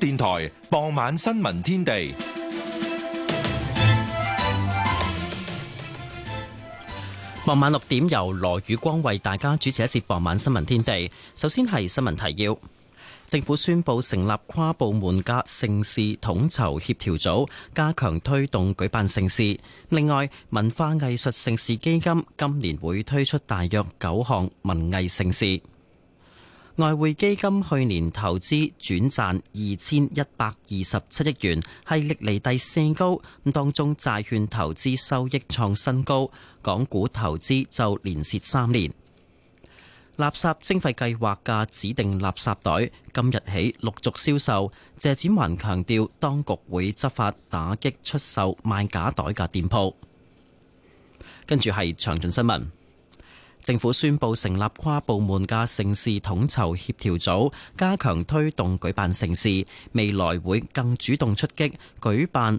電台傍晚新聞天地，傍晚六點由羅宇光為大家主持一節傍晚新聞天地。首先係新聞提要：政府宣布成立跨部門嘅盛事統籌協調組，加強推動舉辦盛事。另外，文化藝術盛事基金今年會推出大約九項文藝盛事。外匯基金去年投資轉賺二千一百二十七億元，係歷嚟第四高。咁當中債券投資收益創新高，港股投資就連蝕三年。垃圾徵費計劃嘅指定垃圾袋今日起陸續銷售。謝展環強調，當局會執法打擊出售賣假袋嘅店鋪。跟住係詳盡新聞。政府宣布成立跨部門嘅城市統籌協調組，加強推動舉辦城市，未來會更主動出擊舉辦。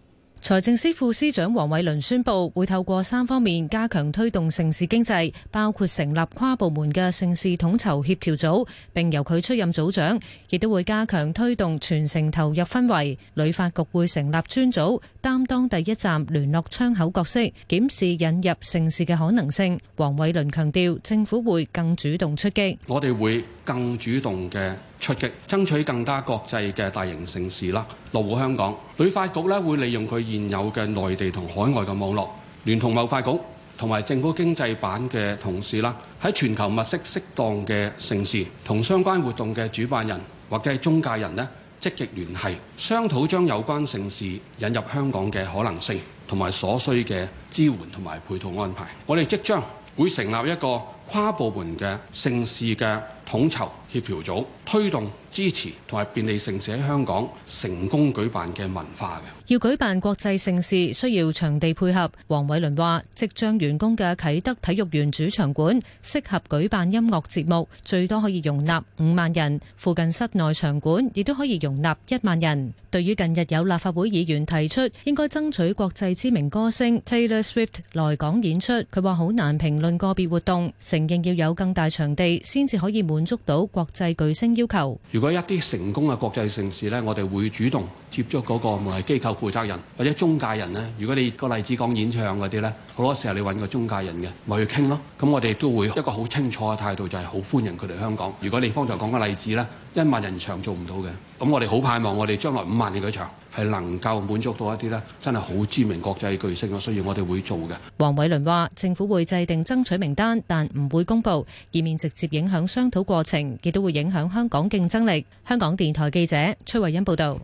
財政司副司長黃偉綸宣布，會透過三方面加強推動盛事經濟，包括成立跨部門嘅盛事統籌協調組，並由佢出任組長，亦都會加強推動全城投入氛圍。旅發局會成立專組，擔當第一站聯絡窗口角色，檢視引入盛事嘅可能性。黃偉綸強調，政府會更主動出擊，我哋會更主動嘅。出擊，爭取更加國際嘅大型城市啦，落戶香港。旅發局咧會利用佢現有嘅內地同海外嘅網絡，聯同貿發局同埋政府經濟版嘅同事啦，喺全球物色適當嘅城市同相關活動嘅主辦人或者係中介人呢，積極聯繫，商討將有關城市引入香港嘅可能性同埋所需嘅支援同埋配套安排。我哋即將會成立一個。跨部門嘅盛事嘅統籌協調組，推動支持、同埋便利盛事喺香港成功舉辦嘅文化嘅。要舉辦國際盛事需要場地配合，黃偉倫話，即將完工嘅啟德體育園主場館適合舉辦音樂節目，最多可以容納五萬人，附近室內場館亦都可以容納一萬人。對於近日有立法會議員提出應該爭取國際知名歌星 Taylor Swift 來港演出，佢話好難評論個別活動。仍要有更大場地，先至可以滿足到國際巨星要求。如果一啲成功嘅國際城市咧，我哋會主動接觸嗰個唔係機構負責人或者中介人咧。如果你個例子講演唱嗰啲咧，好多時候你揾個中介人嘅，咪去傾咯。咁我哋都會一個好清楚嘅態度，就係好歡迎佢哋嚟香港。如果你方才講嘅例子咧，一萬人場做唔到嘅，咁我哋好盼望我哋將來五萬人嘅場。係能夠滿足到一啲咧，真係好知名國際巨星啊。所以我哋會做嘅。黃偉倫話：政府會制定爭取名單，但唔會公布，以免直接影響商討過程，亦都會影響香港競爭力。香港電台記者崔慧欣報道。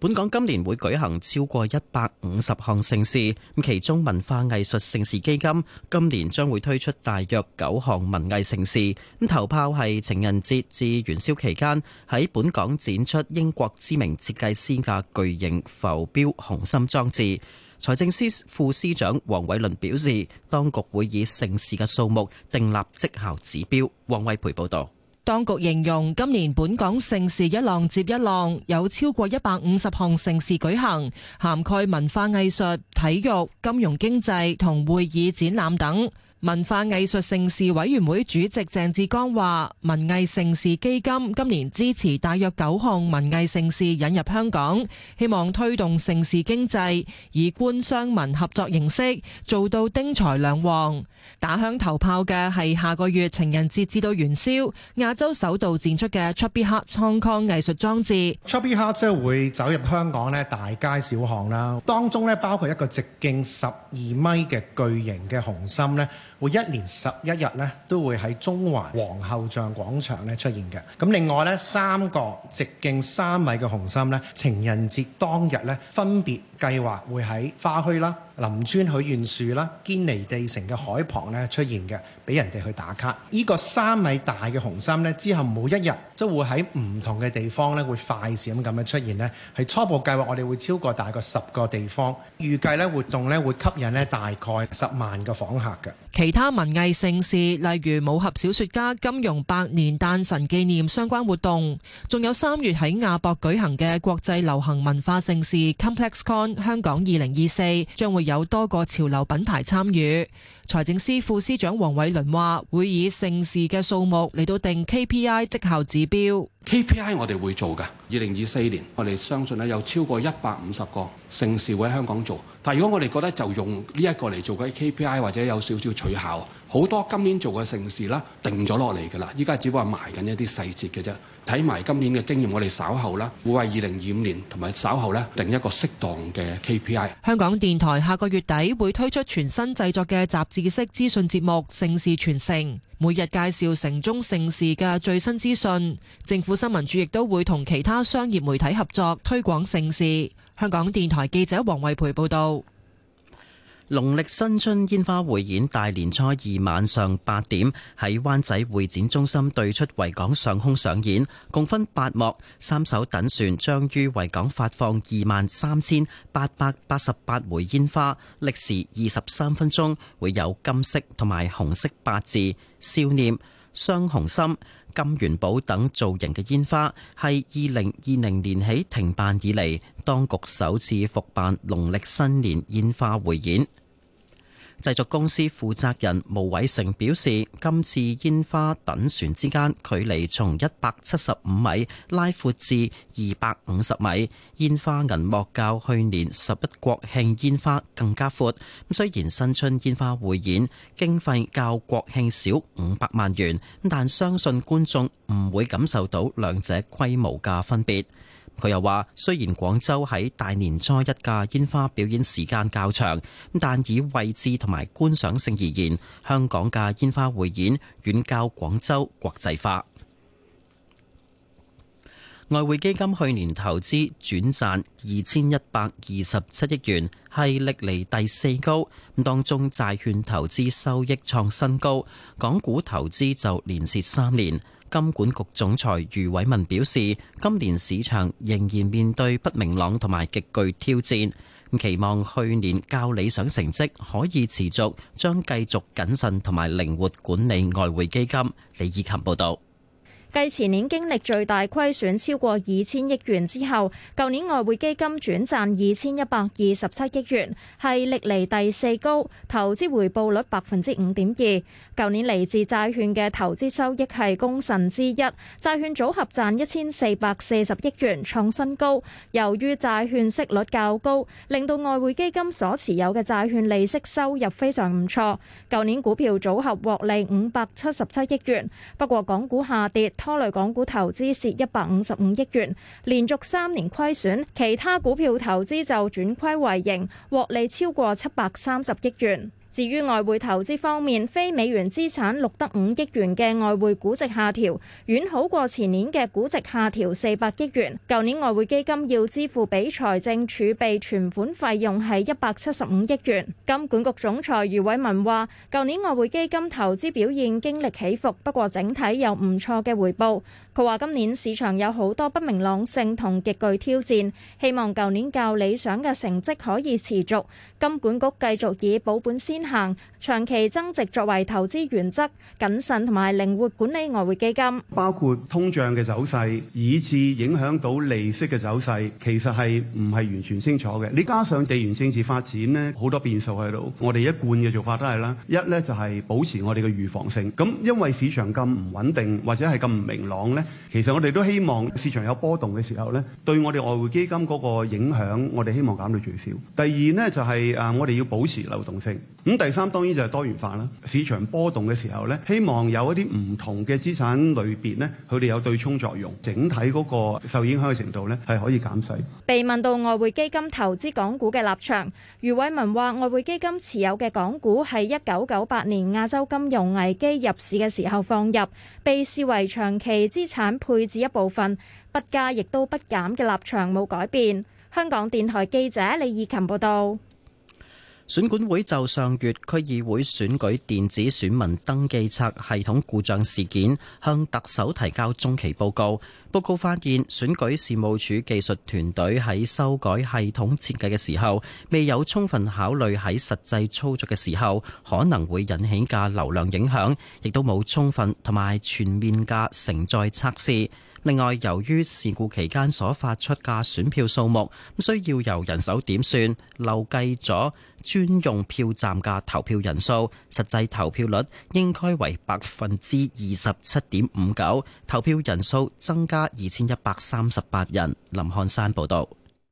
本港今年會舉行超過150項盛事,其中文化藝術盛事基金,今年將會推出大約9項文藝盛事。頭炮係情人節至元宵期間,在本港展出英國知名設計師嘅巨型浮標紅心裝置。財政司副司長黃偉倫表示,當局會以盛事的數目定立績效指標,黃偉培報道。當局形容今年本港盛事一浪接一浪，有超過一百五十項盛事舉行，涵蓋文化藝術、體育、金融經濟同會議展覽等。文化藝術城市委員會主席鄭志剛話：文藝城市基金今年支持大約九項文藝城市引入香港，希望推動城市經濟，以官商民合作形式做到丁財兩旺。打響頭炮嘅係下個月情人節至到元宵，亞洲首度展出嘅出必克 b b y h e 藝術裝置。出必克」即係會走入香港咧大街小巷啦，當中咧包括一個直徑十二米嘅巨型嘅紅心咧。會一年十一日咧，都會喺中環皇后像廣場咧出現嘅。咁另外咧，三個直徑三米嘅紅心咧，情人節當日咧，分別。計劃會喺花墟啦、林村許願樹啦、堅尼地城嘅海旁咧出現嘅，俾人哋去打卡。呢個三米大嘅紅心咧，之後每一日都會喺唔同嘅地方咧，會快閃咁樣出現咧，係初步計劃，我哋會超過大概十個地方，預計咧活動咧會吸引咧大概十萬個訪客嘅。其他文藝盛事，例如武俠小說家金庸百年誕辰紀念相關活動，仲有三月喺亞博舉行嘅國際流行文化盛事 ComplexCon。香港二零二四將會有多個潮流品牌參與。財政司副司長黃偉綸話，會以盛事嘅數目嚟到定 KPI 績效指標。KPI 我哋會做噶。二零二四年我哋相信咧有超過一百五十個盛事會喺香港做。但如果我哋覺得就用呢一個嚟做嘅 KPI，或者有少少取巧。好多今年做嘅盛事啦，定咗落嚟噶啦，依家只不過埋緊一啲細節嘅啫。睇埋今年嘅經驗，我哋稍後啦，會為二零二五年同埋稍後咧定一個適當嘅 KPI。香港電台下個月底會推出全新製作嘅雜誌式資訊節目《盛事全城》，每日介紹城中盛事嘅最新資訊，政府新聞處亦都會同其他商業媒體合作推廣盛事。香港電台記者黃慧培報道。農曆新春煙花匯演大年初二晚上八點喺灣仔會展中心對出維港上空上演，共分八幕。三艘等船將於維港發放二萬三千八百八十八枚煙花，歷時二十三分鐘，會有金色同埋紅色八字、笑臉、雙紅心、金元寶等造型嘅煙花。係二零二零年起停辦以嚟，當局首次復辦農曆新年煙花匯演。製作公司負責人毛偉成表示，今次煙花等船之間距離從一百七十五米拉闊至二百五十米，煙花銀幕較去年十一國慶煙花更加闊。咁雖然新春煙花匯演經費較國慶少五百萬元，但相信觀眾唔會感受到兩者規模嘅分別。佢又話：雖然廣州喺大年初一嘅煙花表演時間較長，但以位置同埋觀賞性而言，香港嘅煙花匯演遠較廣州國際化。外匯基金去年投資轉賺二千一百二十七億元，係歷嚟第四高。咁當中債券投資收益創新高，港股投資就連蝕三年。金管局總裁余偉文表示，今年市場仍然面對不明朗同埋極具挑戰，期望去年較理想成績可以持續，將繼續謹慎同埋靈活管理外匯基金。李以琴報道。繼前年經歷最大虧損超過二千億元之後，舊年外匯基金轉賺二千一百二十七億元，係歷來第四高，投資回報率百分之五點二。舊年嚟自債券嘅投資收益係功臣之一，債券組合賺一千四百四十億元，創新高。由於債券息率較高，令到外匯基金所持有嘅債券利息收入非常唔錯。舊年股票組合獲利五百七十七億元，不過港股下跌，拖累港股投資蝕一百五十五億元，連續三年虧損，其他股票投資就轉虧為盈，獲利超過七百三十億元。至於外匯投資方面，非美元資產錄得五億元嘅外匯估值下調，遠好過前年嘅估值下調四百億元。舊年外匯基金要支付俾財政儲備存款費用係一百七十五億元。金管局總裁余偉文話，舊年外匯基金投資表現經歷起伏，不過整體有唔錯嘅回報。佢話今年市場有好多不明朗性同極具挑戰，希望舊年較理想嘅成績可以持續。金管局繼續以保本先行、長期增值作為投資原則，謹慎同埋靈活管理外匯基金，包括通脹嘅走勢，以致影響到利息嘅走勢，其實係唔係完全清楚嘅。你加上地緣政治發展咧，好多變數喺度。我哋一貫嘅做法都係啦，一咧就係保持我哋嘅預防性。咁因為市場咁唔穩定或者係咁唔明朗咧，其實我哋都希望市場有波動嘅時候咧，對我哋外匯基金嗰個影響，我哋希望減到最少。第二咧就係、是。啊！我哋要保持流動性。咁、嗯、第三，當然就係多元化啦。市場波動嘅時候咧，希望有一啲唔同嘅資產類別咧，佢哋有對沖作用，整體嗰個受影響嘅程度咧，係可以減細。被問到外匯基金投資港股嘅立場，余偉文話：外匯基金持有嘅港股係一九九八年亞洲金融危機入市嘅時候放入，被視為長期資產配置一部分，不加亦都不減嘅立場冇改變。香港電台記者李以琴報道。選管會就上月區議會選舉電子選民登記冊系統故障事件，向特首提交中期報告。報告發現，選舉事務處技術團隊喺修改系統設計嘅時候，未有充分考慮喺實際操作嘅時候可能會引起嘅流量影響，亦都冇充分同埋全面嘅承載測試。另外，由於事故期間所發出嘅選票數目需要由人手點算，漏計咗專用票站嘅投票人數，實際投票率應該為百分之二十七點五九，投票人數增加二千一百三十八人。林漢山報導。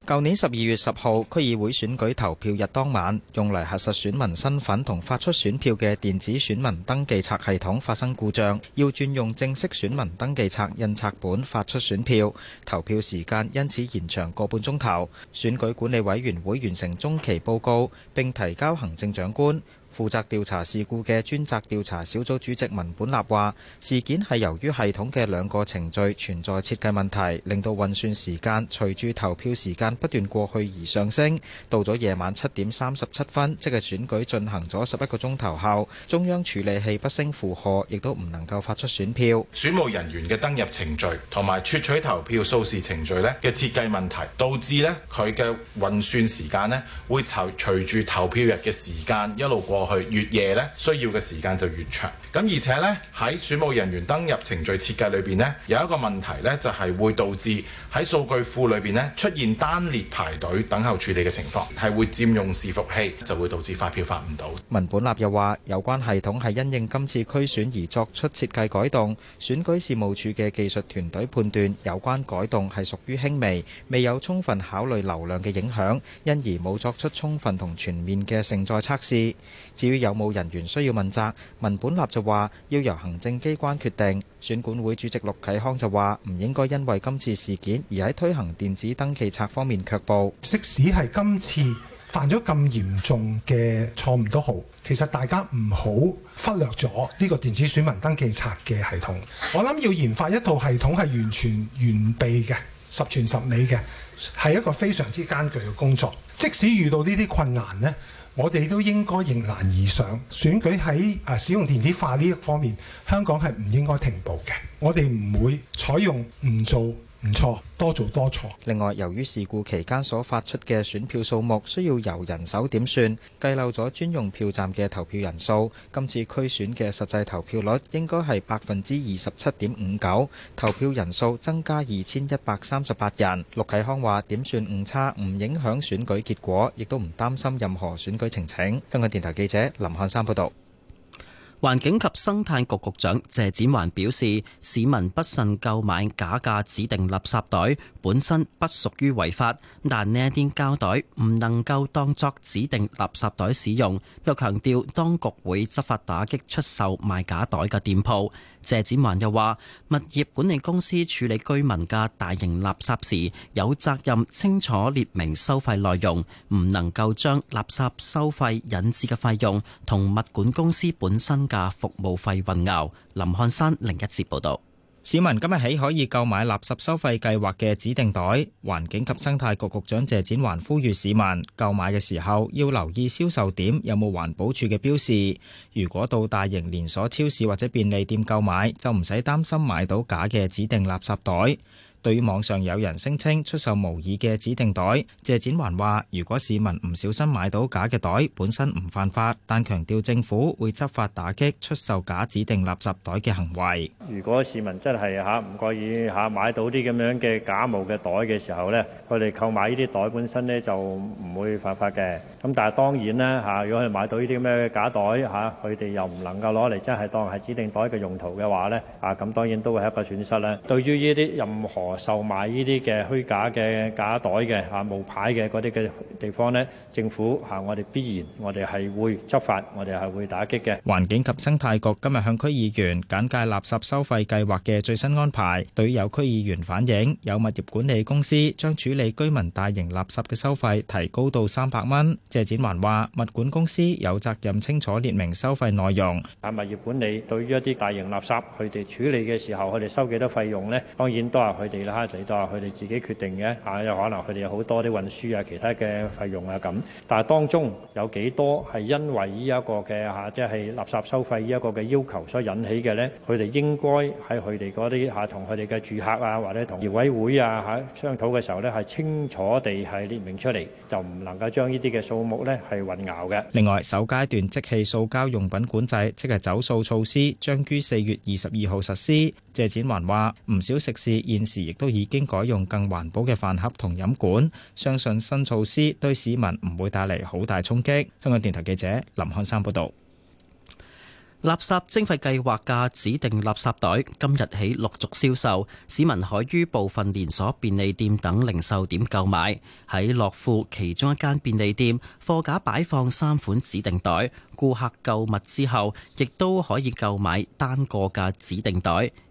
舊年十二月十號，區議會選舉投票日當晚，用嚟核實選民身份同發出選票嘅電子選民登記冊系統發生故障，要轉用正式選民登記冊印刷本發出選票，投票時間因此延長個半鐘頭。選舉管理委員會完成中期報告，並提交行政長官。負責調查事故嘅專責調查小組主席文本立話：事件係由於系統嘅兩個程序存在設計問題，令到運算時間隨住投票時間不斷過去而上升。到咗夜晚七點三十七分，即係選舉進行咗十一個鐘頭後，中央處理器不勝負荷，亦都唔能夠發出選票。選務人員嘅登入程序同埋撮取投票數字程序咧嘅設計問題，導致咧佢嘅運算時間咧會隨住投票日嘅時間一路過去越夜咧，需要嘅時間就越長。咁而且咧，喺主務人員登入程序設計裏邊咧，有一個問題咧，就係會導致。喺數據庫裏邊呢，出現單列排隊等候處理嘅情況，係會佔用伺服器，就會導致發票發唔到。文本立又話：有關系統係因應今次區選而作出設計改動，選舉事務處嘅技術團隊判斷有關改動係屬於輕微，未有充分考慮流量嘅影響，因而冇作出充分同全面嘅承載測試。至於有冇人員需要問責，文本立就話要由行政機關決定。選管會主席陸啟康就話：唔應該因為今次事件而喺推行電子登記冊方面卻步。即使係今次犯咗咁嚴重嘅錯誤都好，其實大家唔好忽略咗呢個電子選民登記冊嘅系統。我諗要研發一套系統係完全完備嘅、十全十美嘅，係一個非常之艱巨嘅工作。即使遇到呢啲困難呢。我哋都應該迎難而上，選舉喺，啊，使用電子化呢一方面，香港係唔應該停步嘅。我哋唔會採用唔做。唔錯，多做多錯。另外，由於事故期間所發出嘅選票數目需要由人手點算，計漏咗專用票站嘅投票人數，今次區選嘅實際投票率應該係百分之二十七點五九，投票人數增加二千一百三十八人。陸啟康話：點算誤差唔影響選舉結果，亦都唔擔心任何選舉呈請。香港電台記者林漢山報道。環境及生態局局長謝展寰表示，市民不慎購買假價指定垃圾袋。本身不屬於違法，但呢一啲膠袋唔能夠當作指定垃圾袋使用。又強調，當局會執法打擊出售賣假袋嘅店鋪。謝展寰又話，物業管理公司處理居民嘅大型垃圾時，有責任清楚列明收費內容，唔能夠將垃圾收費引致嘅費用同物管公司本身嘅服務費混淆。林漢山另一節報導。市民今日起可以購買垃圾收費計劃嘅指定袋。環境及生態局局長謝展環呼籲市民購買嘅時候要留意銷售點有冇環保署嘅標示。如果到大型連鎖超市或者便利店購買就唔使擔心買到假嘅指定垃圾袋。對於網上有人聲稱出售模擬嘅指定袋，謝展寰話：如果市民唔小心買到假嘅袋，本身唔犯法，但強調政府會執法打擊出售假指定垃圾袋嘅行為。如果市民真係嚇唔過意嚇買到啲咁樣嘅假冒嘅袋嘅時候咧，佢哋購買呢啲袋本身咧就唔會犯法嘅。咁但係當然咧嚇，如果佢買到呢啲咁樣嘅假袋嚇，佢哋又唔能夠攞嚟真係當係指定袋嘅用途嘅話咧，啊咁當然都會係一個損失咧。對於呢啲任何售賣呢啲嘅虛假嘅假袋嘅嚇無牌嘅嗰啲嘅地方呢，政府嚇我哋必然我哋係會執法，我哋係會打擊嘅。環境及生態局今日向區議員簡介垃圾收費計劃嘅最新安排。對於有區議員反映，有物業管理公司將處理居民大型垃圾嘅收費提高到三百蚊。謝展寰話，物管公司有責任清楚列明收費內容。但物業管理對於一啲大型垃圾，佢哋處理嘅時候，佢哋收幾多費用呢？當然都係佢哋。啦，就你都話佢哋自己決定嘅嚇，有可能佢哋有好多啲運輸啊、其他嘅費用啊咁。但係當中有幾多係因為呢一個嘅嚇，即係垃圾收費呢一個嘅要求，所引起嘅咧，佢哋應該喺佢哋嗰啲嚇同佢哋嘅住客啊，或者同業委會啊嚇商討嘅時候咧，係清楚地係列明出嚟，就唔能夠將呢啲嘅數目咧係混淆嘅。另外，首階段即棄塑膠用品管制，即係走塑措施，將於四月二十二號實施。謝展環話唔少食肆現時，亦都已經改用更環保嘅飯盒同飲管，相信新措施對市民唔會帶嚟好大衝擊。香港電台記者林漢山報道，垃圾徵費計劃嘅指定垃圾袋今日起陸續銷售，市民可於部分連鎖便利店等零售點購買。喺樂富其中一間便利店，貨架擺放三款指定袋，顧客購物之後亦都可以購買單個嘅指定袋。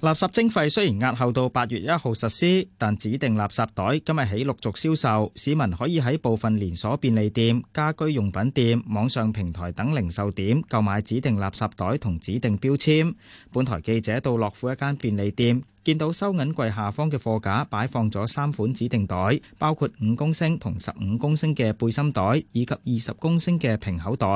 垃圾徵費雖然押後到八月一號實施，但指定垃圾袋今日起陸續銷售，市民可以喺部分連鎖便利店、家居用品店、網上平台等零售點購買指定垃圾袋同指定標籤。本台記者到樂富一間便利店，見到收銀櫃下方嘅貨架擺放咗三款指定袋，包括五公升同十五公升嘅背心袋，以及二十公升嘅平口袋。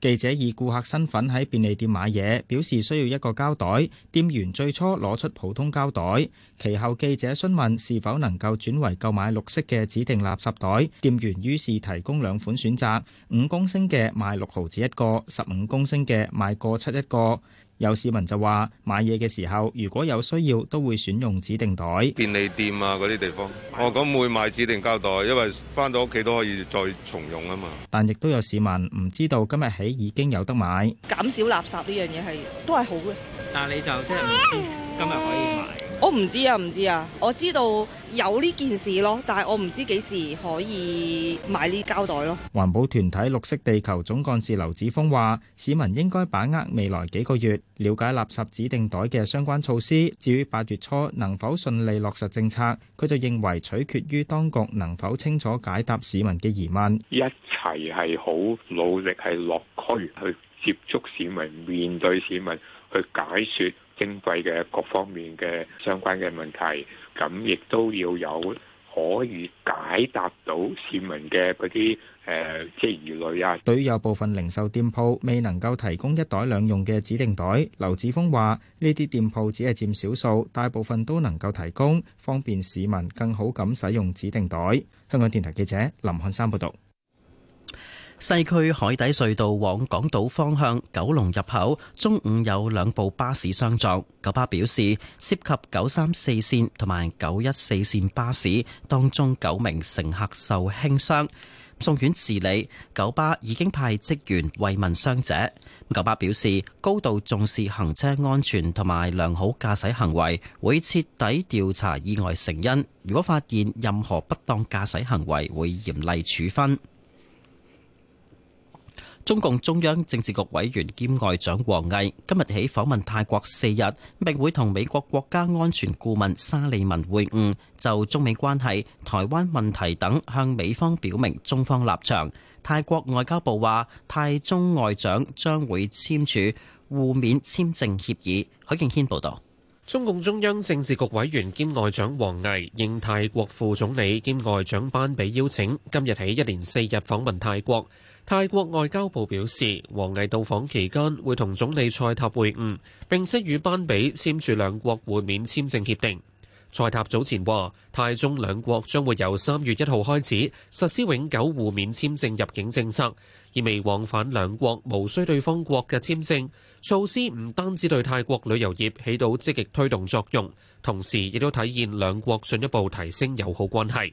記者以顧客身份喺便利店買嘢，表示需要一個膠袋。店員最初攞出普通膠袋，其後記者詢問是否能夠轉為購買綠色嘅指定垃圾袋，店員於是提供兩款選擇：五公升嘅賣六毫子一個，十五公升嘅賣個七一個。有市民就話：買嘢嘅時候，如果有需要，都會選用指定袋。便利店啊，嗰啲地方，哦，咁會買指定膠袋，因為翻到屋企都可以再重用啊嘛。但亦都有市民唔知道今日起已經有得買。減少垃圾呢樣嘢係都係好嘅。但你就真係。 今日可以買，我唔知啊，唔知啊。我知道有呢件事咯，但係我唔知幾時可以買呢膠袋咯。環保團體綠色地球總幹事劉子峰話，市民應該把握未來幾個月，了解垃圾指定袋嘅相關措施。至於八月初能否順利落實政策，佢就認為取決於當局能否清楚解答市民嘅疑問，一齊係好努力，係落區去接觸市民，面對市民去解說。經費嘅各方面嘅相關嘅問題，咁亦都要有可以解答到市民嘅嗰啲誒，即係疑慮啊。對於有部分零售店鋪未能夠提供一袋兩用嘅指定袋，劉子峰話呢啲店鋪只係佔少數，大部分都能夠提供，方便市民更好咁使用指定袋。香港電台記者林漢山報道。西區海底隧道往港島方向九龍入口，中午有兩部巴士相撞。九巴表示涉及九三四綫同埋九一四綫巴士，當中九名乘客受輕傷，送院治理。九巴已經派職員慰問傷者。九巴表示高度重視行車安全同埋良好駕駛行為，會徹底調查意外成因。如果發現任何不當駕駛行為，會嚴厲處分。中共中央政治局委員兼外長王毅今日起訪問泰國四日，並會同美國國家安全顧問沙利文會晤，就中美關係、台灣問題等向美方表明中方立場。泰國外交部話，泰中外長將會簽署互免簽證協議。許敬軒報道。中共中央政治局委員兼外長王毅應泰國副總理兼外長班比邀請，今日起一連四日訪問泰國。泰國外交部表示，王毅到訪期間會同總理塞塔會晤，並且與班比簽署兩國互免簽證協定。塞塔早前話，泰中兩國將會由三月一號開始實施永久互免簽證入境政策，意味往返兩國無需對方國嘅簽證。措施唔單止對泰國旅遊業起到積極推動作用，同時亦都體現兩國進一步提升友好關係。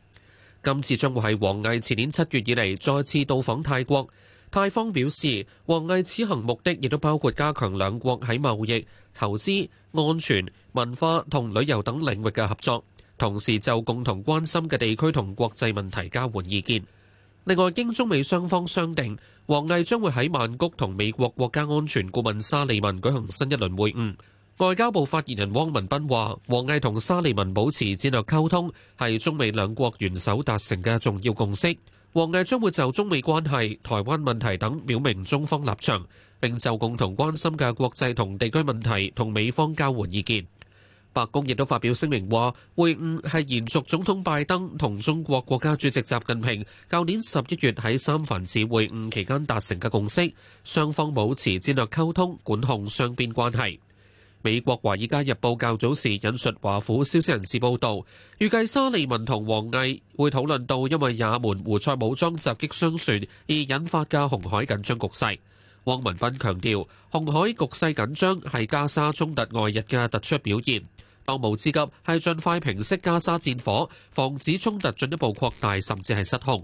今次將會係王毅前年七月以嚟再次到訪泰國，泰方表示，王毅此行目的亦都包括加強兩國喺貿易、投資、安全、文化同旅遊等領域嘅合作，同時就共同關心嘅地區同國際問題交換意見。另外，經中美雙方商定，王毅將會喺曼谷同美國國家安全顧問沙利文舉行新一輪會晤。外交部發言人汪文斌話，王毅同沙利文保持戰略溝通，係中美兩國元首達成嘅重要共識。王毅將會就中美關係、台灣問題等表明中方立場，並就共同關心嘅國際同地區問題同美方交換意見。白宮亦都發表聲明話，會晤係延續總統拜登同中國國家主席習近平舊年十一月喺三藩市會晤期間達成嘅共識，雙方保持戰略溝通，管控雙邊關係。美國《華爾街日報》較早時引述華府消息人士報道，預計沙利文同王毅會討論到因為也門胡塞武裝襲擊商船而引發嘅紅海緊張局勢。汪文斌強調，紅海局勢緊張係加沙衝突外日嘅突出表現，當務之急係盡快平息加沙戰火，防止衝突進一步擴大，甚至係失控。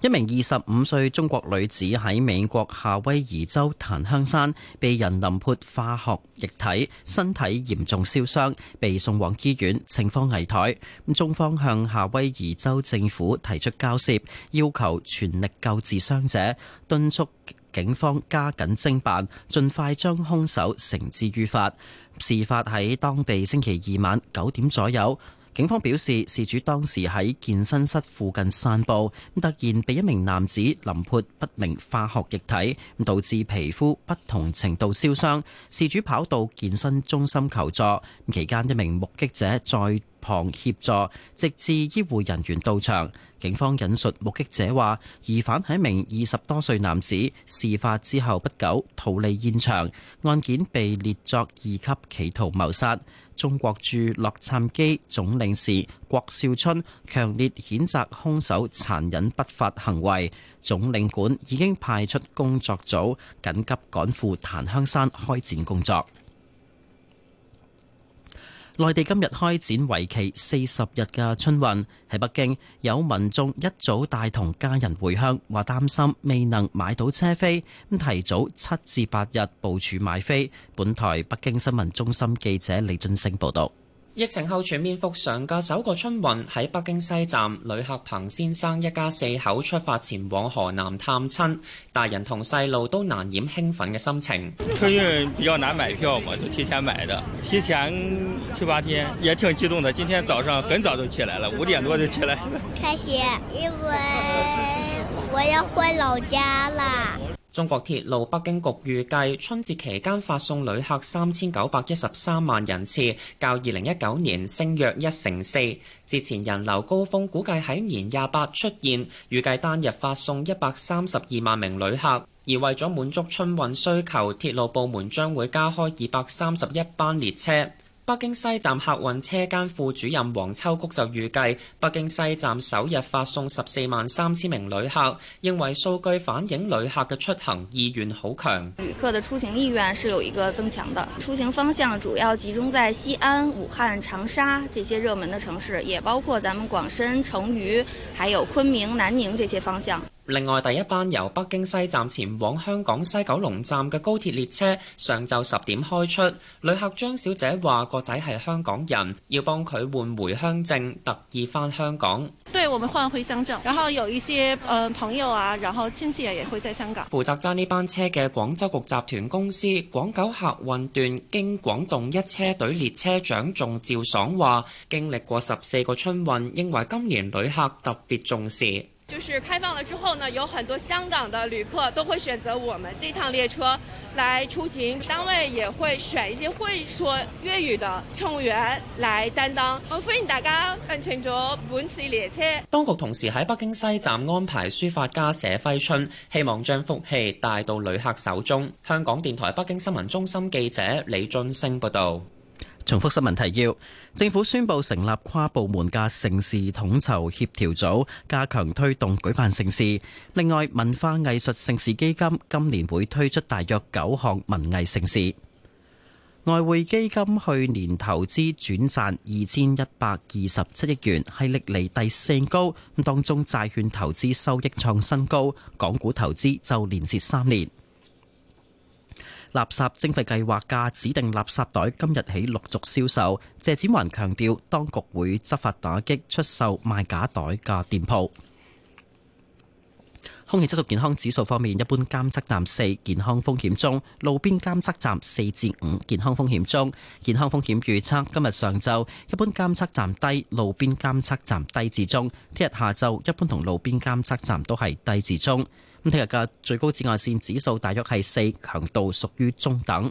一名二十五歲中國女子喺美國夏威夷州檀香山被人淋潑化學液體，身體嚴重燒傷，被送往醫院，情況危殆。中方向夏威夷州政府提出交涉，要求全力救治傷者，敦促警方加緊偵辦，盡快將兇手繩之於法。事發喺當地星期二晚九點左右。警方表示，事主當時喺健身室附近散步，突然被一名男子淋潑不明化學液體，導致皮膚不同程度燒傷，事主跑到健身中心求助，期間一名目擊者在旁協助，直至醫護人員到場，警方引述目擊者話，疑犯係一名二十多歲男子，事發之後不久逃離現場，案件被列作二級企圖謀殺。中國駐洛杉磯總領事郭少春強烈譴責凶手殘忍不法行為，總領館已經派出工作組緊急趕赴檀香山開展工作。內地今日開展為期四十日嘅春運，喺北京，有民眾一早帶同家人回鄉，話擔心未能買到車飛，咁提早七至八日部署買飛。本台北京新聞中心記者李進升報道。疫情後全面復常嘅首個春運。喺北京西站，旅客彭先生一家四口出發前往河南探親，大人同細路都難掩興奮嘅心情。春運比較難買票嘛，就提前買的，提前七八天，也挺激動的。今天早上很早就起來了，五點多就起來了。開心，因為我要回老家啦。中國鐵路北京局預計春節期間發送旅客三千九百一十三萬人次，較二零一九年升約一成四。節前人流高峰估計喺年廿八出現，預計單日發送一百三十二萬名旅客。而為咗滿足春運需求，鐵路部門將會加開二百三十一班列車。北京西站客運車間副主任黃秋菊就預計，北京西站首日發送十四萬三千名旅客，認為數據反映旅客嘅出行意願好強。旅客的出行意願是有一個增強的，出行方向主要集中在西安、武漢、長沙這些熱門的城市，也包括咱們廣深、成渝，還有昆明、南寧這些方向。另外，第一班由北京西站前往香港西九龍站嘅高鐵列車上晝十點開出。旅客張小姐話個仔係香港人，要幫佢換回鄉證，特意翻香港。對，我們換回鄉證，然後有一些呃朋友啊，然後親戚也會在香港。負責揸呢班車嘅廣州局集團公司廣九客運段經廣東一車隊列車長仲趙爽話，經歷過十四個春運，認為今年旅客特別重視。就是開放了之後呢，有很多香港的旅客都會選擇我們這趟列車來出行。單位也會選一些會說粵語的乘務員來擔當。我歡迎大家搭乘咗本次列車。當局同時喺北京西站安排書法家寫揮春，希望將福氣帶到旅客手中。香港電台北京新聞中心記者李俊升報道。重複新聞提要：政府宣布成立跨部門嘅盛事統籌協調組，加強推動舉辦盛事。另外，文化藝術盛事基金今年會推出大約九項文藝盛事。外匯基金去年投資轉賺二千一百二十七億元，係歷嚟第四高。咁當中債券投資收益創新高，港股投資就連跌三年。垃圾徵費計劃嘅指定垃圾袋今日起陸續銷售。謝展寰強調，當局會執法打擊出售賣假袋嘅店鋪。空氣質素健康指數方面，一般監測站四健康風險中，路邊監測站四至五健康風險中。健康風險預測今日上晝一般監測站低，路邊監測站低至中。聽日下晝一般同路邊監測站都係低至中。咁聽日嘅最高紫外線指數大約係四，強度屬於中等。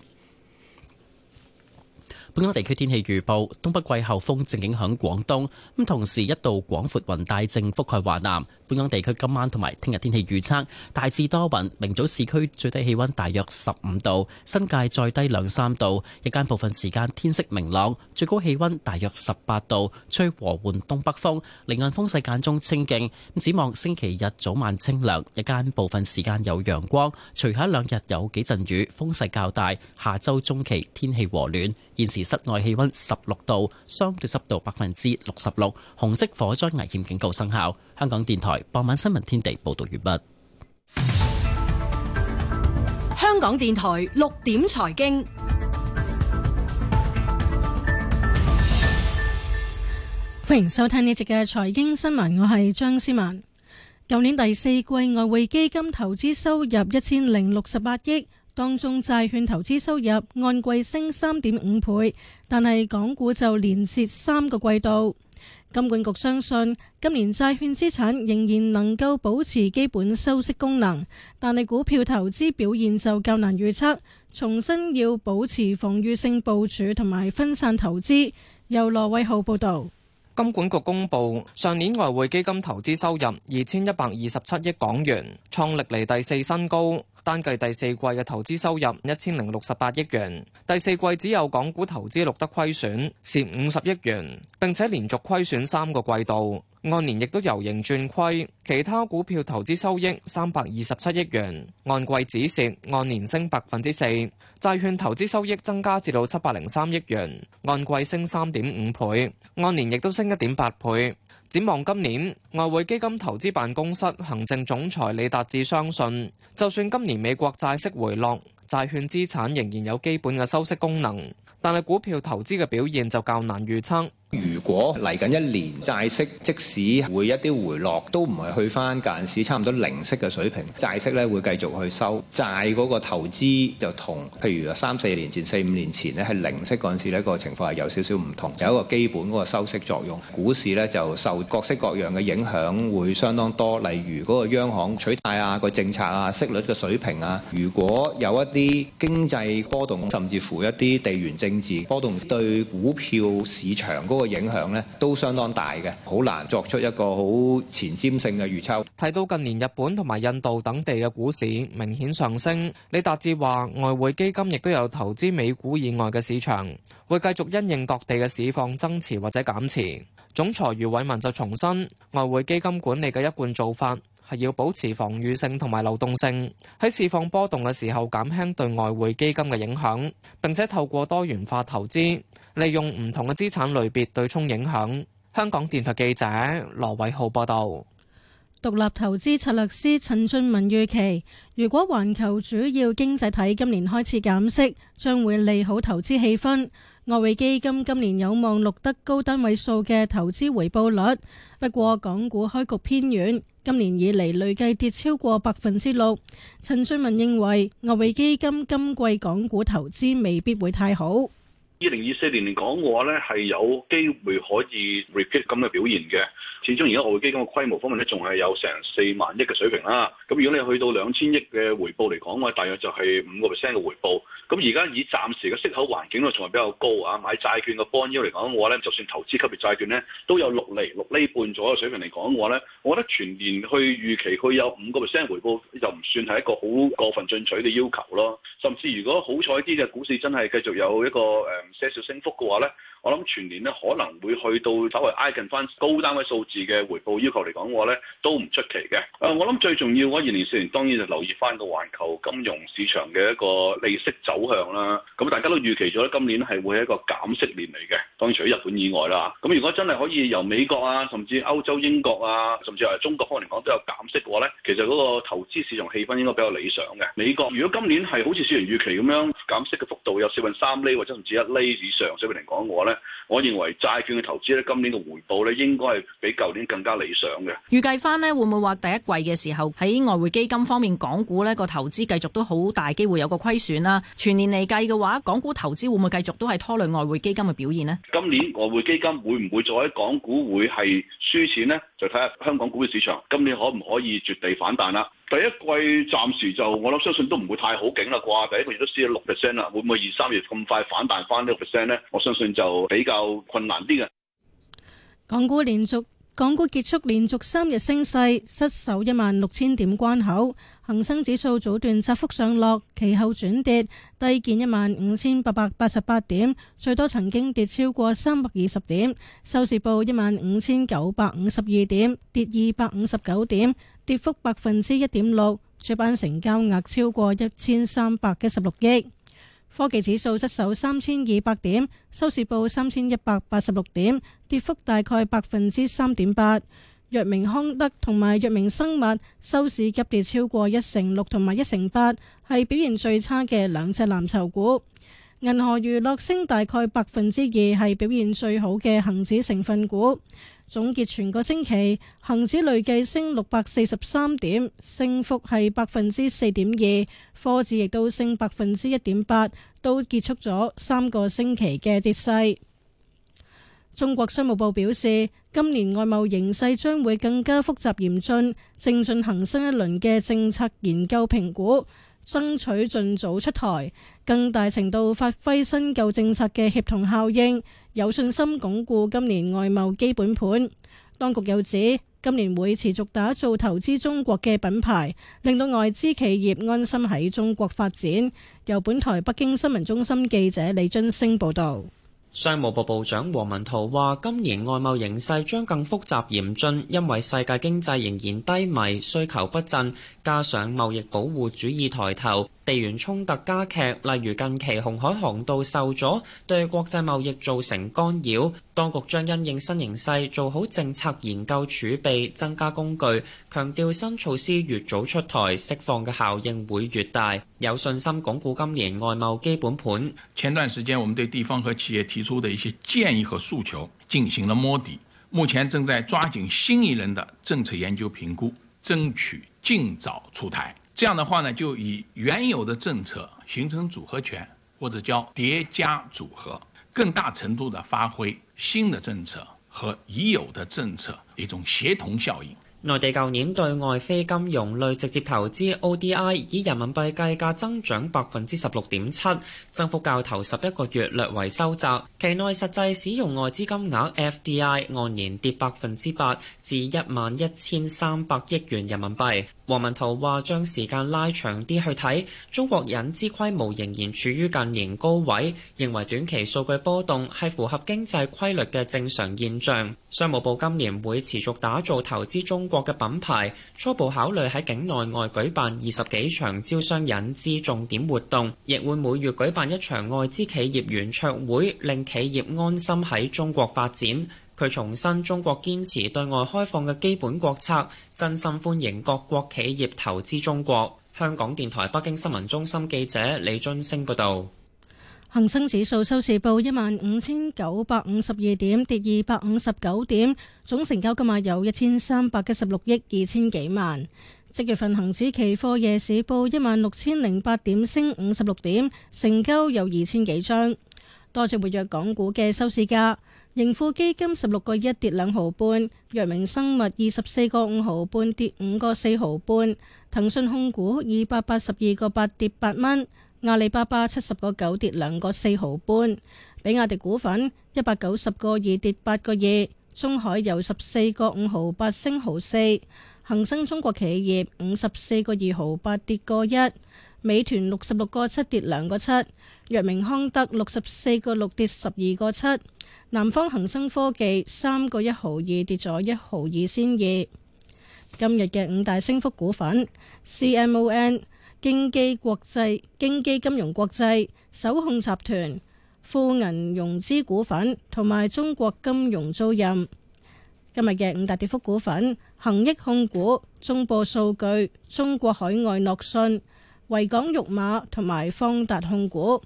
本港地區天氣預報：東北季候風正影響廣東，咁同時一道廣闊雲帶正覆蓋華南。本港地區今晚同埋聽日天氣預測大致多雲，明早市區最低氣温大約十五度，新界再低兩三度。日間部分時間天色明朗，最高氣温大約十八度，吹和緩東北風，離岸風勢間中清勁。咁展望星期日早晚清涼，日間部分時間有陽光，隨後兩日有幾陣雨，風勢較大。下周中期天氣和暖，現時。室外氣温十六度，相對濕度百分之六十六，紅色火災危險警告生效。香港電台傍晚新聞天地報道完畢。香港電台六點財經，歡迎收聽呢節嘅財經新聞，我係張思文。舊年第四季外匯基金投資收入一千零六十八億。當中債券投資收入按季升三點五倍，但係港股就連蝕三個季度。金管局相信今年債券資產仍然能夠保持基本收息功能，但係股票投資表現就較難預測。重新要保持防禦性部署同埋分散投資。由羅偉浩報道。金管局公布上年外匯基金投資收入二千一百二十七億港元，創歷嚟第四新高。單計第四季嘅投資收入一千零六十八億元，第四季只有港股投資錄得虧損，蝕五十億元，並且連續虧損三個季度。按年亦都由盈轉虧，其他股票投資收益三百二十七億元，按季止蝕，按年升百分之四。債券投資收益增加至到七百零三億元，按季升三點五倍，按年亦都升一點八倍。展望今年，外匯基金投資辦公室行政總裁李達志相信，就算今年美國債息回落，債券資產仍然有基本嘅收息功能，但係股票投資嘅表現就較難預測。如果嚟緊一年債息即使會一啲回落，都唔係去翻嗰陣時差唔多零息嘅水平，債息咧會繼續去收。債嗰個投資就同譬如三四年前、四五年前咧係零息嗰陣時咧個情況係有少少唔同，有一個基本嗰個收息作用。股市呢就受各式各樣嘅影響，會相當多。例如嗰個央行取態啊、個政策啊、息率嘅水平啊，如果有一啲經濟波動，甚至乎一啲地緣政治波動，對股票市場嗰個影響呢都相當大嘅，好難作出一個好前瞻性嘅預測。睇到近年日本同埋印度等地嘅股市明顯上升，李達志話：外匯基金亦都有投資美股以外嘅市場，會繼續因應各地嘅市況增持或者減持。總裁余偉文就重申，外匯基金管理嘅一貫做法係要保持防禦性同埋流動性，喺市況波動嘅時候減輕對外匯基金嘅影響，並且透過多元化投資。利用唔同嘅資產類別對沖影響。香港電台記者羅偉浩報道，獨立投資策略師陳俊文預期，如果環球主要經濟體今年開始減息，將會利好投資氣氛，外匯基金今年有望錄得高單位數嘅投資回報率。不過，港股開局偏軟，今年以嚟累計跌超過百分之六。陳俊文認為，外匯基金今季港股投資未必會太好。二零二四年嚟講嘅話咧，係有機會可以 repeat 咁嘅表現嘅。始終而家外匯基金嘅規模方面咧，仲係有成四萬億嘅水平啦。咁如果你去到兩千億嘅回報嚟講嘅話，大約就係五個 percent 嘅回報。咁而家以暫時嘅息口環境咧，仲係比較高啊。買債券嘅 bond 嚟講嘅話咧，就算投資級別債券咧，都有六厘、六厘半左右水平嚟講嘅話咧，我覺得全年去預期佢有五個 percent 回報就唔算係一個好過分進取嘅要求咯。甚至如果好彩啲嘅股市真係繼續有一個誒，呃些少升幅嘅話咧，我諗全年咧可能會去到稍為挨近翻高單位數字嘅回報要求嚟講嘅話咧，都唔出奇嘅。啊，我諗最重要，我二零二四年當然就留意翻個環球金融市場嘅一個利息走向啦。咁大家都預期咗，今年係會係一個減息年嚟嘅。當然除咗日本以外啦。咁如果真係可以由美國啊，甚至歐洲、英國啊，甚至係中國可能嚟講都有減息嘅話咧，其實嗰個投資市場氣氛應該比較理想嘅。美國如果今年係好似市場預期咁樣減息嘅幅度有四分三厘或者唔止一低以上水平嚟講嘅話咧，我認為債券嘅投資咧，今年嘅回報咧，應該係比舊年更加理想嘅。預計翻咧，會唔會話第一季嘅時候喺外匯基金方面，港股咧個投資繼續都好大機會有個虧損啦、啊。全年嚟計嘅話，港股投資會唔會繼續都係拖累外匯基金嘅表現呢？今年外匯基金會唔會再喺港股會係輸錢呢？就睇下香港股票市場今年可唔可以絕地反彈啦、啊？第一季暫時就，我諗相信都唔會太好景啦。掛第一個月都輸咗六 percent 啦，會唔會二三月咁快反彈翻呢個 percent 呢？我相信就比較困難啲嘅。港股連續，港股結束連續三日升勢，失守一萬六千點關口。恒生指數早段窄幅上落，其後轉跌，低見一萬五千八百八十八點，最多曾經跌超過三百二十點。收市報一萬五千九百五十二點，跌二百五十九點。跌幅百分之一點六，主板成交額超過一千三百一十六億。科技指數失守三千二百點，收市報三千一百八十六點，跌幅大概百分之三點八。藥明康德同埋藥明生物收市急跌超過一成六同埋一成八，係表現最差嘅兩隻藍籌股。銀河娛樂升大概百分之二，係表現最好嘅恒指成分股。總結全個星期，恒指累計升六百四十三點，升幅係百分之四點二。科指亦都升百分之一點八，都結束咗三個星期嘅跌勢。中國商務部表示，今年外貿形勢將會更加複雜嚴峻，正進行新一輪嘅政策研究評估。爭取盡早出台，更大程度發揮新舊政策嘅協同效應，有信心鞏固今年外貿基本盤。當局又指今年會持續打造投資中國嘅品牌，令到外資企業安心喺中國發展。由本台北京新聞中心記者李津升報道。商務部部長王文濤話：今年外貿形勢將更複雜嚴峻，因為世界經濟仍然低迷、需求不振，加上貿易保護主義抬頭。地緣衝突加劇，例如近期紅海航道受阻，對國際貿易造成干擾。當局將因應新形勢，做好政策研究儲備，增加工具。強調新措施越早出台，釋放嘅效應會越大。有信心鞏固今年外貿基本盤。前段時間，我們對地方和企業提出的一些建議和訴求進行了摸底，目前正在抓緊新一輪的政策研究評估，爭取盡早出台。這樣的話呢，就以原有的政策形成組合拳，或者叫疊加組合，更大程度地發揮新的政策和已有的政策一種協同效應。內地舊年對外非金融類直接投資 （ODI） 以人民幣計價增長百分之十六點七，增幅較頭十一個月略為收窄。期內實際使用外資金額 （FDI） 按年跌百分之八，至一萬一千三百億元人民幣。王文濤話將時間拉長啲去睇，中國引資規模仍然處於近年高位，認為短期數據波動係符合經濟規律嘅正常現象。商務部今年會持續打造投資中國嘅品牌，初步考慮喺境內外舉辦二十幾場招商引資重點活動，亦會每月舉辦一場外資企業圓桌會，令企業安心喺中國發展。佢重申中國堅持對外開放嘅基本國策，真心歡迎各國企業投資中國。香港電台北京新聞中心記者李津星報道：「恒生指數收市報一萬五千九百五十二點，跌二百五十九點，總成交金額有一千三百一十六億二千幾萬。即月份恒指期貨夜市報一萬六千零八點，升五十六點，成交有二千幾張，多隻活躍港股嘅收市價。盈富基金十六個一跌兩毫半，藥明生物二十四個五毫半跌五個四毫半，騰訊控股二百八十二個八跌八蚊，阿里巴巴七十個九跌兩個四毫半，比亞迪股份一百九十個二跌八個二，中海油十四個五毫八升毫四，恒生中國企業五十四個二毫八跌個一，美團六十六個七跌兩個七，藥明康德六十四個六跌十二個七。南方恒生科技三個一毫二跌咗一毫二仙二。今日嘅五大升幅股份：CMON、京基國際、京基金融國際、首控集團、富銀融資股份同埋中國金融租賃。今日嘅五大跌幅股份：恒益控股、中報數據、中國海外諾信、維港玉馬同埋方達控股。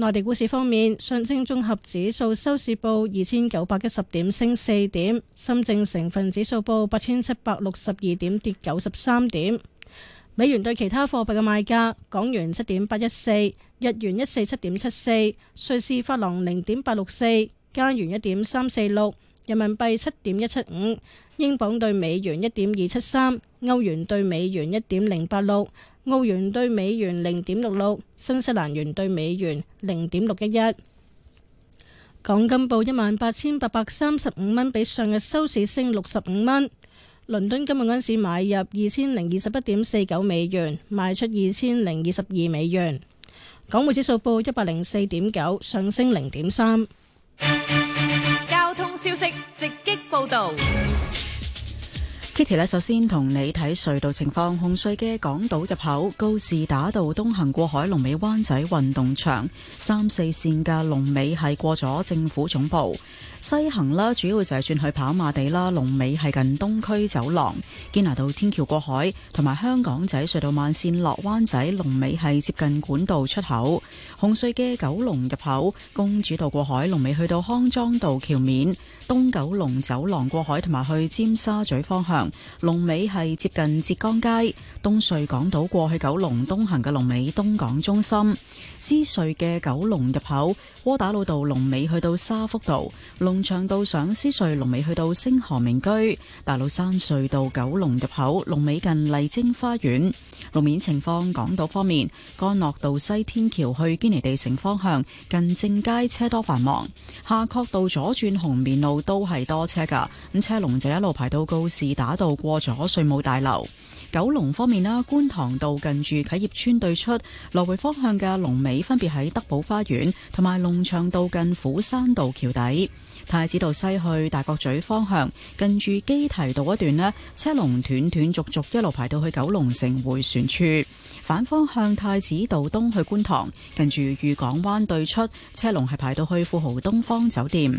內地股市方面，上證綜合指數收市報二千九百一十點，升四點；深證成分指數報八千七百六十二點，跌九十三點。美元對其他貨幣嘅賣價：港元七點八一四，日元一四七點七四，瑞士法郎零點八六四，加元一點三四六，人民幣七點一七五，英鎊兌美元一點二七三，歐元兌美元一點零八六。澳元兌美元零點六六，新西蘭元兌美元零點六一一。港金報一萬八千八百三十五蚊，比上日收市升六十五蚊。倫敦今日晏市買入二千零二十一點四九美元，賣出二千零二十二美元。港匯指數報一百零四點九，上升零點三。交通消息直擊報道。Kitty，首先同你睇隧道情況，紅隧嘅港島入口、高士打道東行過海、龍尾灣仔運動場、三四線嘅龍尾係過咗政府總部。西行啦，主要就係轉去跑馬地啦，龍尾係近東區走廊堅拿道天橋過海，同埋香港仔隧道慢線落灣仔龍尾係接近管道出口。紅隧嘅九龍入口公主道過海龍，尾去到康莊道橋面，東九龍走廊過海同埋去尖沙咀方向龍尾係接近浙江街東隧港島過去九龍東行嘅龍尾東港中心，獅隧嘅九龍入口窩打老道龍尾去到沙福道。龍翔道上獅隧龍尾去到星河明居；大老山隧道九龍入口龍尾近麗晶花園。路面情況，港島方面，干諾道西天橋去堅尼地城方向近正街車多繁忙；夏愨道左轉紅棉路都係多車㗎。咁車龍就一路排到告士打道過咗稅務大樓。九龍方面啦，觀塘道近住啟業邨對出來回方向嘅龍尾分別喺德寶花園同埋龍翔道近虎山道橋底。太子道西去大角咀方向，近住基堤道一段咧，車龍斷斷續續，一路排到去九龍城回旋處。反方向太子道東去觀塘，近住御港灣對出，車龍係排到去富豪東方酒店。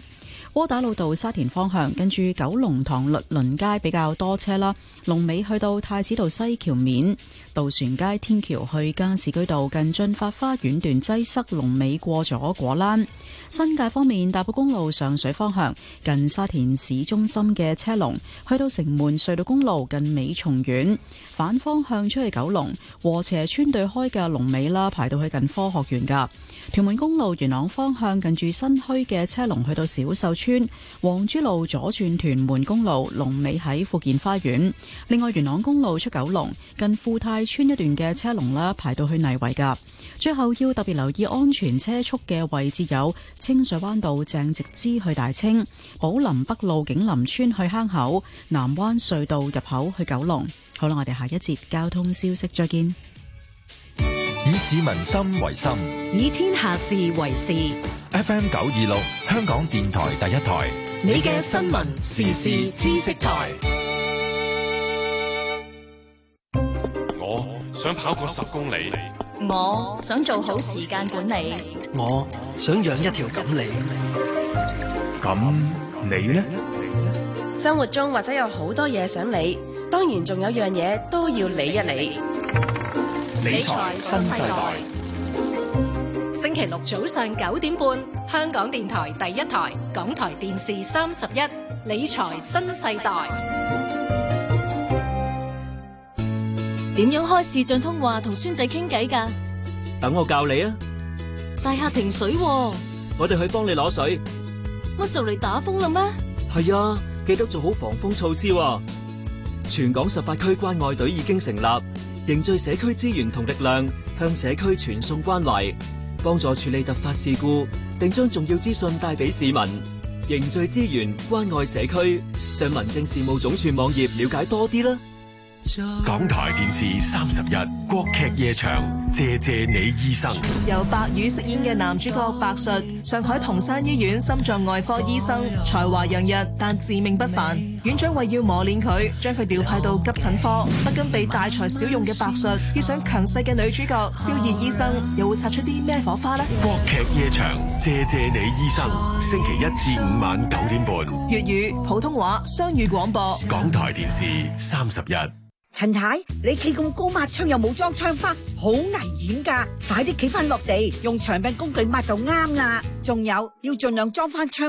窩打老道沙田方向，跟住九龍塘律倫街比較多車啦，龍尾去到太子道西橋面。渡船街天橋去加士居道近駿發花園段擠塞，龍尾過咗果欄。新界方面，大埔公路上水方向近沙田市中心嘅車龍，去到城門隧道公路近美松苑，反方向出去九龍和斜村對開嘅龍尾啦，排到去近科學園㗎。屯門公路元朗方向近住新墟嘅車龍，去到小秀村，黃珠路左轉屯門公路龍尾喺福建花園。另外，元朗公路出九龍近富泰村一段嘅車龍啦，排到去泥圍噶。最後要特別留意安全車速嘅位置有清水灣道鄭植之去大清、寶林北路景林村去坑口、南灣隧道入口去九龍。好啦，我哋下一節交通消息再見。以市民心為心，以天下事為事。F M 九二六，香港電台第一台，你嘅新聞時事知識台。想跑過十公里，我想做好時間管理，我想養一條錦鯉。咁你呢？生活中或者有好多嘢想理，當然仲有樣嘢都要理一理。理財新世代，星期六早上九點半，香港電台第一台，港台電視三十一，理財新世代。點樣開視像通話同孫仔傾偈噶？等我教你啊！大廈停水，我哋去幫你攞水。乜就嚟打風啦咩？係啊，記得做好防風措施啊。全港十八區關愛隊已經成立，凝聚社區資源同力量，向社區傳送關懷，幫助處理突發事故，並將重要資訊帶俾市民。凝聚資源關愛社區，上民政事務總署網頁了解多啲啦。港台電視三十日，國劇夜場，謝謝你醫生。由白宇飾演嘅男主角白術，上海同山醫院心臟外科醫生，才華洋溢但自命不凡。院長為要磨練佢，將佢調派到急診科。不甘被大材小用嘅白術，遇上強勢嘅女主角肖燕醫生，又會擦出啲咩火花呢？國劇夜場，謝謝你醫生。星期一至五晚九點半，粵語、普通話雙語廣播。港台電視三十日。陳太太，你企咁高抹窗又冇裝窗花，好危險噶！快啲企翻落地，用長柄工具抹就啱啦。仲有要盡量裝翻窗。